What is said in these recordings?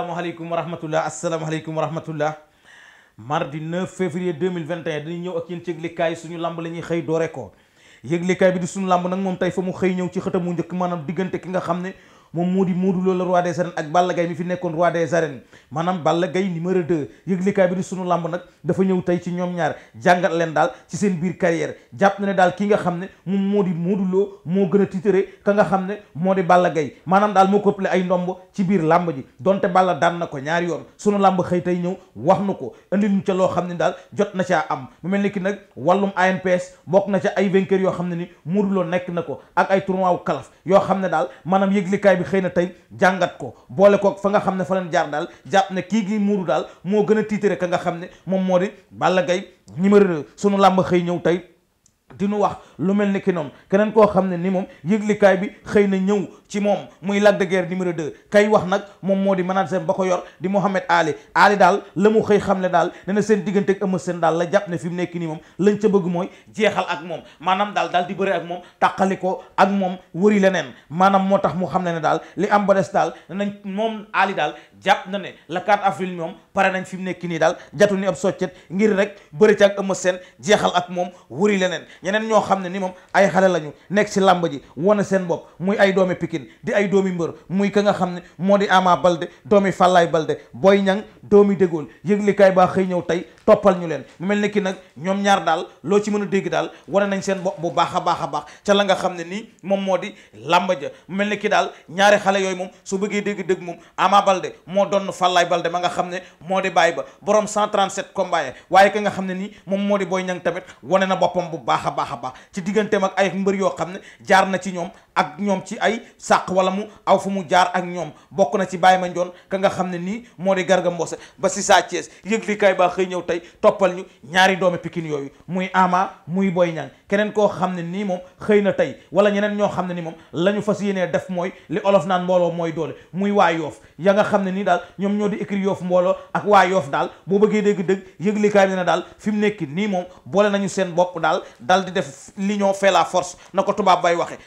asalaamaaleykum wa rahmatullah asalaamaaleykum wa rahmatullah mardi 9 février 2021 dañuy ñëw ak yéen ci yëglikaay suñu lamb la ñuy xëy doore ko yëglikaay bi di suñu lamb nag moom tey fa mu xëy ñëw ci xëtam mu njëkk maanaam diggante ki nga xam ne moom moo di Modou Lo la roi des arènes ak Balla Gaye mi fi nekkoon roi des arènes maanaam Balla Gaye numéro 2 yëglikaay bi di sunu làmb nag dafa ñëw tey ci ñoom ñaar jàngat leen daal ci seen biir carrière jàpp na ne daal kii nga xam ne moom moo di Modou Lo moo gën a titré ka nga xam ne moo di Balla Gaye maanaam daal moo këppale ay ndomb ci biir làmb ji donte Balla daan na ko ñaari yoon sunu làmb xëy tey ñëw wax nu ko indi ñu ca loo xam ne daal jot na caa am mu mel ni ki nag wàllum ANPS bokk na ca ay vainqueurs yoo xam ne ni Modou nekk na ko ak ay tournoi wu kalaf yoo xam ne daal maanaam yëglikaay bi xëy na tey jàngat ko boole ko fa nga xam ne fa leen jaar daal jàpp ne kii gi muuru daal moo gën a tiitare ka nga xam ne moom moo de Balla gay numéro sunu làmb xëy ñëw tey dinu wax lu mel ni ki noonu keneen koo xam ne ni moom yëglikaay bi xëy na ñëw ci moom muy Lac de Guiers numéro 2 kay wax nag moom moo di manager ba ko yor di Mohamed Ali Ali daal la mu xëy xam ne daal ne seen diggante ak Eumeu Sène daal la jàpp ne fi mu nekk nii moom lañ ca bëgg mooy jeexal ak moom maanaam daal daal di bëre ak moom tàqali ko ak moom wëri leneen maanaam moo tax mu xam ne ne daal li am ba des nañ moom Ali daal jàpp na ne le 4 avril moom pare nañ fi mu nekk nii daal jatu ni ab soccet ngir rek bëri ci ak Eumeu Sène jeexal ak moom wëri leneen ñeneen ñoo xam ne ni moom ay xale lañu nekk ci làmb ji wane seen bopp muy ay doomi Pikine di ay doomi mbër muy ka nga xam ne moo di amaa Balde doomi Fallaye Balde Boy Niang doomi Dégol yëglikaay baa xëy ñëw tey toppal ñu leen mu mel ni ki nag ñoom ñaar daal loo ci mën a dégg daal wane nañ seen bu baax a baax a baax ca la nga xam ne nii moom moo di làmb ja mu mel ni ki daal ñaari xale yooyu moom su bëggee dégg dëgg moom Ama Balde moo doon Fallaye Balde ma nga xam ne moo di bàyyi ba borom 137 combats ya waaye ka nga xam ne nii moom moo di booy Niang tamit wane na boppam bu baax a baax a baax ci digganteem ak ay mbër yoo xam ne jaar na ci ñoom ak ñoom ci ay sàq wala mu aw fu mu jaar ak ñoom bokk na ci Baye Mandione ka nga xam ne nii moo di Garga Mbossé ba si saa Thiès yëglikaay baa xëy ñëw tey toppal ñu ñaari doomi pikin yooyu muy Ama muy Boy Niang keneen koo xam ne nii moom xëy na tey wala ñeneen ñoo xam ne ni moom la ñu fas yéenee def mooy li olof naan mbooloo mooy doole muy waa yoof ya nga xam ne nii daal ñoom ñoo di écrit yoof mbooloo ak waa yoof daal boo bëggee dégg-dëgg yëgl bi ne daal fi mu nekk nii moom boole nañu seen bopp daal dal di def l'union fait la force na ko tubaab bay waxe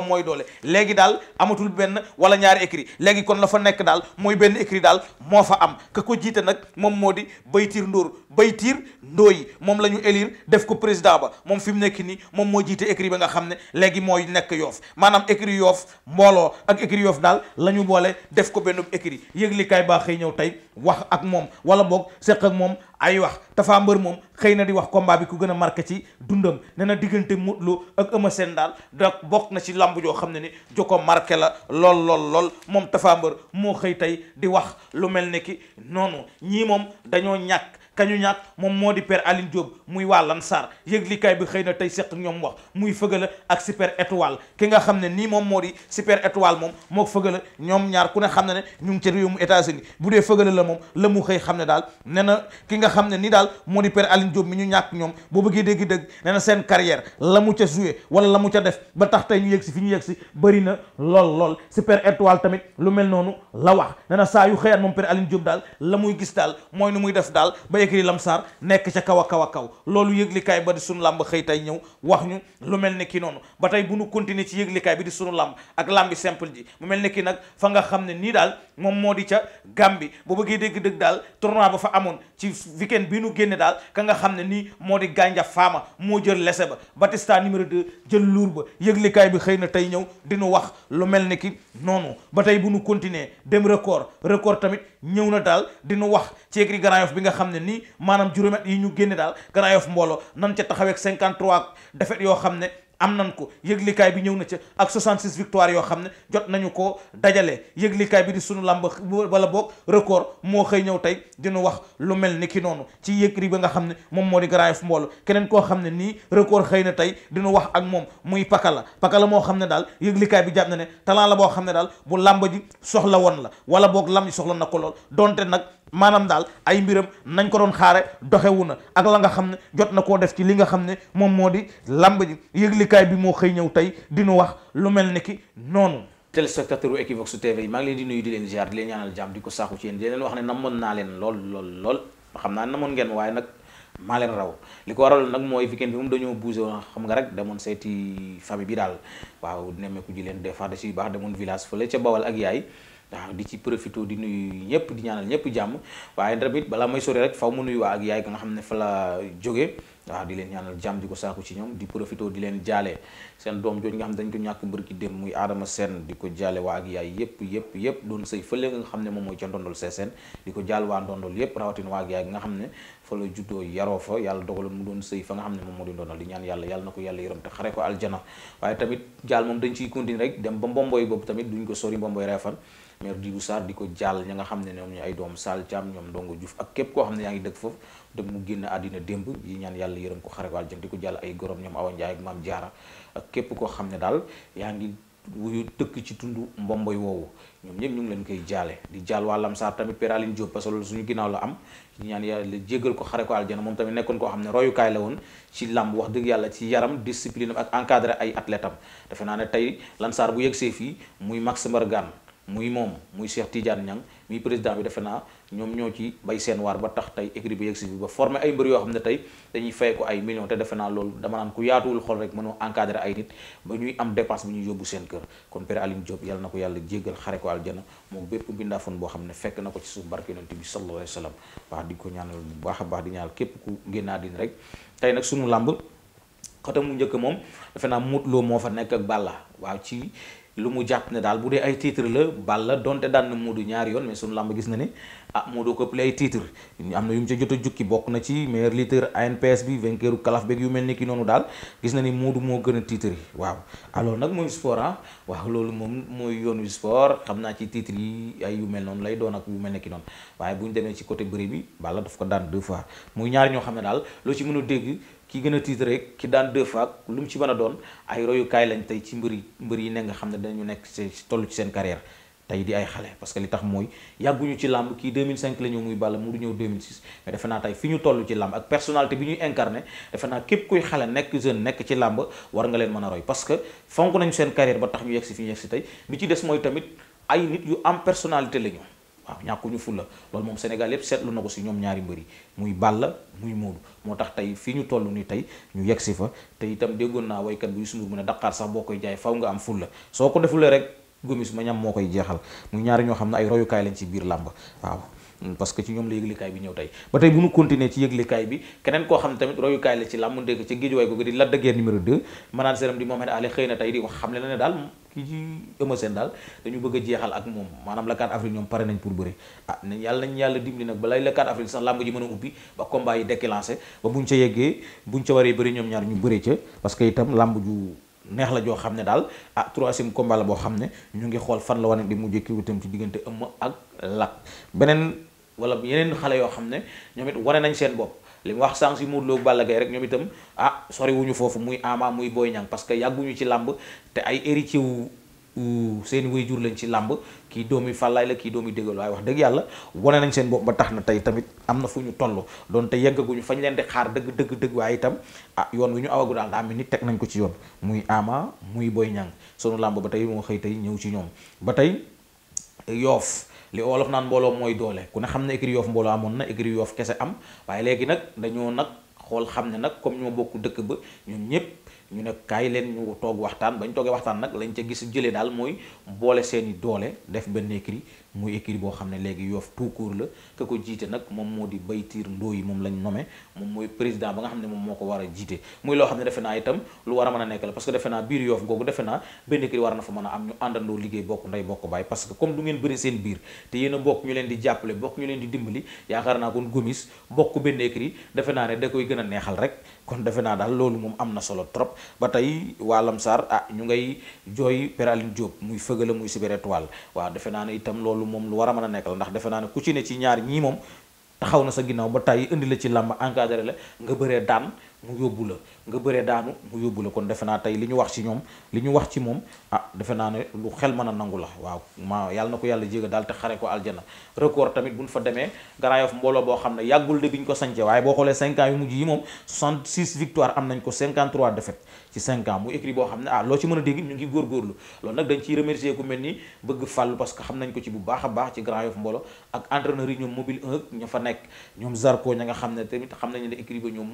mbooloo mooy doole léegi daal amatul benn wala ñaari écrit léegi kon la fa nekk daal mooy benn écrit daal moo fa am ka ko jiite nag moom moo di Baytiir Ndóor Baytiir Ndóoy moom la ñu élire def ko président ba moom fi mu nekk nii moom moo jiite écrit ba nga xam ne léegi mooy nekk yoof maanaam écrit yoof mbooloo ak écrit yoof daal la ñu boole def ko benn écrit yëglikaay baa xëy ñëw tey wax ak moom wala boog seq ak moom ay wax Tapha Mbeur moom xëy na di wax combat bi ku gën a marqué ci dundam nena na diggante Modou Lo ak Eumeu Sène daal da bokk na ci lamb joo xam ne ni joko marke la lool lool lool moom Tapha Mbeur moo xëy tey di wax lu mel ne ki noonu ñii moom dañoo ñàkk kañu ñàkk moom moo di père Aline Diop muy waa Lansar yëglikaay bi xëy na tey seq ñoom wax muy fëgala ak super étoile ki nga xam ne nii moom moo di super étoile moom moo fëgala ñoom ñaar ku ne xam ne ne ñu ngi ca réewum États-Unis bu dee fëgala la moom la mu xëy xam ne daal ne na ki nga xam ne nii daal moo di père Aline mi ñu ñàkk ñoom boo bëggee dégg dëgg ne na seen carrière la mu ca joué wala la mu ca def ba tax tey ñu yëg si fi ñu yëg si bëri na lool lool super étoile tamit lu mel noonu la wax ne saa yu xëyaat moom per Aline Diop daal la muy gis daal mooy nu muy def daal écrit lamsaar nekk ca kaw a kaw a kaw loolu yëglikaay ba ba tey bu nu continuer ci yëglikaay bi di sunu làmb ak làmbi simple fa nga xam ne nii daal moom moo di ca Gàmbi bu bëggee dégg-dëgg daal tournoi ba fa bi nu génne daal ka nga xam ne nii moo di gànja faama moo jël lese ba Batista numéro de jël luur ba yëglikaay bi xëy na tey ñëw di nu wax lu mel ni ki noonu ba tey bu nu continuer dem record record tamit ñëw na daal di wax ci écrit Grand bi nga xam ne nii nii maanaam juróomet yi ñu génne daal Grand Yoff mbooloo nan ca taxaweek 53 defet yoo xam ne am nan ko yëglikaay bi ñëw na ca ak 66 victoire yoo xam ne jot nañu ko dajale yëglikaay bi di sunu làmb wala boog record moo xëy ñëw tey dinu wax lu mel ni ki noonu ci yëgri ba nga xam ne moom moo di Grand Yoff mbooloo keneen koo xam ne nii record xëy na tey dinu wax ak moom muy pakala pakala moo xam ne daal yëglikaay bi jàpp ne talent la boo xam ne daal bu làmb ji soxla woon la wala boog làmb ji soxla na ko lool donte nag maanaam daal ay mbiram nañ ko doon xaare doxewu na ak la nga xam ne jot na koo def ci li nga xam ne moom moo di làmb ji bi moo xëy ñëw tey dinu wax lu mel ni ki noonu téléspectateur u Equivox TV yi maa ngi leen di nuyu di leen ziar di leen ñaanal jàmm di ko saaxu ci yéen di leen wax ne namoon naa leen lool lool lool xam naa namoon ngeen waaye nag maa leen raw li ko waral nag mooy weekend bi moom dañoo bougé woon xam nga rek demoon seeti famille bi daal waaw nemmeeku ji leen des fois da si baax demoon village fële ca Bawal ak yaay waaw di ci profité di nuyu ñëpp di ñaanal ñëpp jàmm waaye tamit balaa may sori rek faw mu nuyu waa ak yaay nga xam ne fa la jóge waaw di leen ñaanal jàmm di ko saaku ci ñoom di profito di leen jaale seen doom jooju nga xam dañ ko ñàkk mbërki dem muy aadama seen ko jaale waa ak yaay yépp yépp doon sëy fële nga moom mooy ca ndondol seeseen ko jaal waa ndondol yépp nga xam ne fa la juddoo yaroo fa yàlla dogaloon xam ne moom moo di ndondol di ñaan yàlla yàlla na ko yàlla yërëm te xare tamit ba mbomboy boobu tamit duñ ko sori mbomboy reefan maire Dibou Sarr di ko jaal ña nga xam ne ñoom ñu ay doom Sall Thiam ñoom ndongo Diouf ak képp koo xam ne yaa ngi dëkk foofu dem mu génn àddina démb yi ñaan yàlla yërëm ko xare ko àjjana di ko jàll ay gorom ñoom Awa ak maam Diarra ak képp koo xam ne daal yaa ngi wuyu tëkk ci tund mbomboy woowu ñoom ñëpp ñu ngi leen koy jaale di jaal waa Lamsaar tamit Père Aline Diop su que loolu ginnaaw la am ñu ñaan yàlla jéggal ko xare ko aljana moom tamit nekkoon koo xam ne royukaay la woon ci làmb wax dëgg yàlla ci yaram discipline ak encadré ay athlète am defe naa ne tey Lamsaar bu yëgsee fii muy Max Mbargane muy moom muy Cheikh Tidiane Niang muy président bi defe naa ñoom ñoo ci bay seen waar ba tax tey écrit bi yegsi bi ba formé ay mbër yoo xam ne tey dañuy fay ko ay millions te defe naa loolu ku yaatuwul xol rek mënoo encadrer ay nit ba am dépense bi ñuy yóbbu seen kër kon Père Aline Diop yàlla na ko yàlla jéggal xare ko aljana moom bépp bindaafoon boo xam ne fekk na ko ci suuf barke yonent bi sallallahu alayhi wa sallam waaw di ko ñaanal bu baax a baax di ñaanal képp ku génnaa din rek tey nag sunu làmb xota mu njëkk moom defe naa Modou loo moo fa nekk ak Balla waaw lu mu jàpp ne daal bu dee ay tiitre la Balla donte daan na Modou ñaari yoon mais sunu làmb gis na ne ah Modou ko ëppale ay titre am na yu mu ca jot a jukki bokk na ci meilleur lutteur ANPS bi vainqueur kalaf beeg yu mel ni ki noonu daal gis na ni Modou moo gën a titre yi waaw alors nag mooy sport ah waaw loolu moom mooy yoonu wi sport xam naa ci titre yi ay yu mel noonu lay doon ak yu mel ni ki noonu waaye bu ñu demee ci côté bëri bi Balla daf ko daan deux fois muy ñoo xam ne daal ci mën ki gën a tiit rek ki daan deux fois lu mu ci mën a doon ay royukaay lañ tey ci mbër yi mbër yi ne nga xam ne dañu nekk ci toll ci seen carrière tey di ay xale parce que li tax mooy yàgguñu ci làmb kii 2005 la muy Balla mu du ñëw 2006 defe naa tey fi ñu toll ci làmb ak personnalité bi ñuy incarné defe naa képp kuy xale nekk jeune nekk ci làmb war nga leen mën a roy parce que fonk nañu seen carrière ba tax ñu yegg si fi ñu yegg si tey bi ci des mooy tamit ay nit yu am personnalité la ñu waaw ñàkkuñu fulla loolu moom Sénégal yépp seetlu na ko si ñoom ñaari mbër muy Balla muy Modou moo tax tey fii ñu toll ni tey ñu yegg si fa te itam déggoon naa waykat bi Youssou Ndour mu ne Dakar sax boo koy jaay faw nga am fulla soo ko defulee rek gomis ma ñam moo koy jeexal muy ñaari ñoo xam ne ay royukaay lañ ci biir làmb waaw Hmm, parce que ci ñoom la yëglikaay bi ñëw tey ba tey bu ñu continuer ci yëglikaay bi keneen koo xam ne tamit royukaay la ci làmb ndékk ci géejuwaay googu di di la ne daal ki ci Eumeu daal dañu bëgg a jeexal ak moom maanaam le 4 avril ñoom pare nañ pour bëre ah nañ yàlla nañ yàlla dimbali nag balay le 4 avril sax làmb ji mën a ubbi ba combat yi déclenché ba buñ ca yeggee buñ ca waree bëri ñoom ñaar ñu bëree ca parce que itam làmb ju neex la joo xam ne daal ah troisième combat boo xam ne ñu ngi xool fan la wane di mujjee kii itam ci diggante Eumeu ak Lac beneen wala yeneen xale yoo xam ne ñoom it wane nañ seen bopp li mu wax sànq si Modou Lo Balla Gaye rek ñoom itam ah sori foofu muy Ama muy booy Niang parce que yàgguñu ci làmb te ay héritier seen way jur lañ ci làmb kii doomi fàllaay la kii doomi dégal waaye wax dëgg yàlla wane nañ seen bopp ba tax na tey tamit am na fu ñu toll doon te yeggaguñu fañ leen di xaar dëgg dëgg dëgg waaye itam ah yoon wi ñu awagu daal daa mel ni teg nañ ko ci yoon muy Ama muy booy Niang sunu làmb ba tey moo xëy tey ñëw ci ñoom ba tey yoof li olof naan mbooloo mooy doole ku ne xam ne écurie yoof mbooloo amoon na écurie yoof kese am waaye léegi nag dañoo nag xool xam ne nag comme ñoo bokk dëkk ba ñoom ñëpp ñu ne kaay leen ñu toog waxtaan ba ñu toogee waxtaan nag lañ ca gis jëlee daal mooy mboole seeni doole def benn écrit muy écurie boo xam ne léegi Yoff tout court la ka ko jiite nag moom moo di Baytiir Ndooy moom lañ nommé moom mooy président ba nga xam ne moom moo ko war a jiite muy ne defe a mën a nekk la parce naa biir Yoff googu defe a am ñu àndandoo liggéey bokk ndey bokk a a loolu moom am na solo trop ba tey waa Lamsaar ah ñu ngay jooy Peraline Diop muy fëgala muy Super Étoile waaw defe naa ne itam loolu moom lu war a mën a nekk la ndax defe naa ne ku ci ne ci ñaar ñii moom taxaw na sa ginnaaw ba tàyyi indi la ci làmb encadré la nga bëree daan mu yóbbu la nga bëre daanu mu yóbbu la kon defe naa tey li ñu wax ci ñoom li ñu wax ci moom ah defe naa ne lu xel mën a nangu la waaw ma yàlla na ko yàlla jéega daal te xare ko aljana record tamit buñ fa demee Grand Yoff mbooloo boo xam ne yàggul de ko sañce waaye boo xoolee 5 ans yu mujj yi moom 66 victoire am nañ mu écrit boo xam ne ah loo ci mën a ñu ngi góorgóorlu loolu nag dañ ciy remercier ku mel ni bëgg fàllu parce que xam nañ ko ci bu baax baax ci Grand Yoff mbooloo ak entraîneur ñoom mobile 1 ña fa nekk ñoom Zarko ña nga xam ne tamit xam nañ ne écrit ba ñoom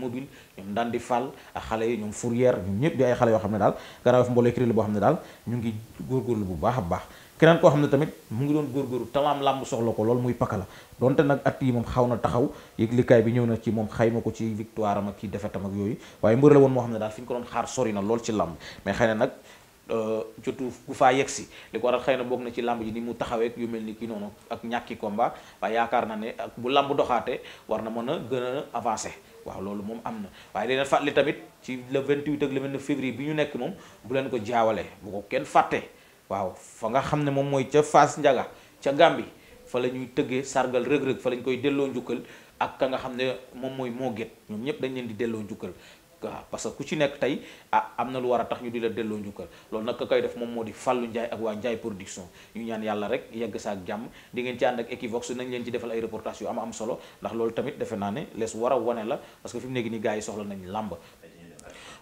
Ndandi Fall ak xale yi ñoom Fourière ñoom ñëpp di ay xale yoo xam ne daal garaawef mbooloo kuréel la boo xam ne daal ñu ngi góorgóorlu bu baax a baax keneen koo xam ne tamit mu ngi doon góorgóorlu talaam làmb soxla ko loolu muy paka la donte nag at yi moom xaw na taxaw yëglikaay bi ñëw na ci moom xay ma ko ci victoire am ak ci défaite am ak yooyu waaye mbër la woon moo xam ne daal fi ñu ko doon xaar sori na lool ci làmb mais xëy na nag Euh, jotu gu faa yegg si li ko waral xëy na bokk na ci làmb ji nii mu taxawee yu mel ni ki noonu ak ñàkki komba waaye yaakaar na ne ak bu làmb doxaate war na mën a gën a avancé waaw loolu moom am na waaye dina fàttali tamit ci le 28 ak mel 29 février bi ñu nekk moom bu leen ko jaawale bu ko kenn fàtte waaw fa nga xam ne moom mooy ca Fass Ndiaga ca Gàmbi fa la ñuy tëggee sargal rëg-rëg fa la koy delloo njukkal ak ka nga xam ne moom mooy moo ñoom ñëpp dañ leen di delloo njukkal waaw parce que ku ci nekk tey a ah, am na lu war a tax ñu di la delloo njukkal loolu nag ka koy def moom moo di Fallou Ndiaye ak waa Ndiaye production ñu ñaan yàlla rek yegg sa ak jàmm di ngeen ci ànd ak Equivox nañ leen ci defal ay reportage yu am am solo ndax loolu tamit defe naa ne lees war a wone la parce que fi mu nekk nii gars yi soxla nañ làmb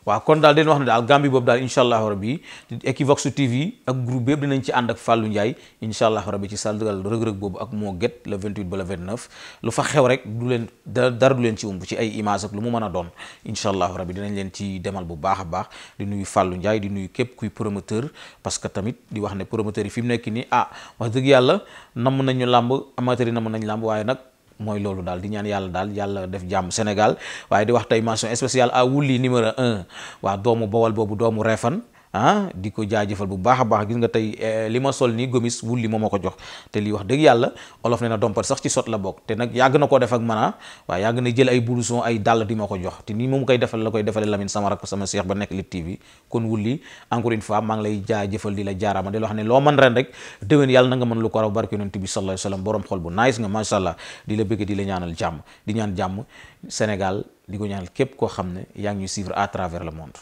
waaw kon daal den wax ne daal Gambie boobu daal incha allahu rabi Equivox TV ak groupe yëpp dinañ ci ànd ak Fallou Ndiaye incha allahu rabi ci sargal rëg-rëg boobu ak moo get le 28 ba le 29 lu fa xew rek du leen dara du leen ci umb ci ay image ak lu mu mën a doon incha allahu rabi dinañ leen ci demal bu baax a baax di nuyu fàllu Ndiaye di nuyu képp kuy promoteur parce que tamit di wax ne promoteur yi fi mu nekk nii ah wax dëgg yàlla namm nañu làmb amateur yi namm nañ làmb waaye nag mooy loolu daal di ñaan yàlla daal yàlla def jàmm Sénégal waaye di wax tey mention spéciale à wulli numéro un waa doomu bawal boobu doomu reefan ah di ko jaajëfal bu baax a baax gis nga tey eh, li ma sol nii gomis wul li ma ma ko jox te lii wax dëgg yàlla olof ne na dompat sax ci sot la bokk te nag yàgg na ko def ak man ah waaye yàgg na jël ay blouson ay dàll di ma ko jox te nii moom koy defal la koy defale Lamine sama rakk sama seex ba nekk Lutte TV kon wulli encore une fois maa ngi lay jaajëfal di la jaaraama di la wax ne loo mën ren rek déwén yàlla na nga mën lu ko raw barke yonent bi sallallahu alayhi wasallam borom nga masha Allah di la bëgg di la ñaanal jàmm di ñaan jàmm Sénégal di ko ñaanal képp koo xam ne yaa ngi ñuy suivre à travers le monde